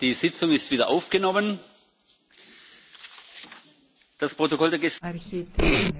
Die Sitzung ist wieder aufgenommen. Das Protokoll der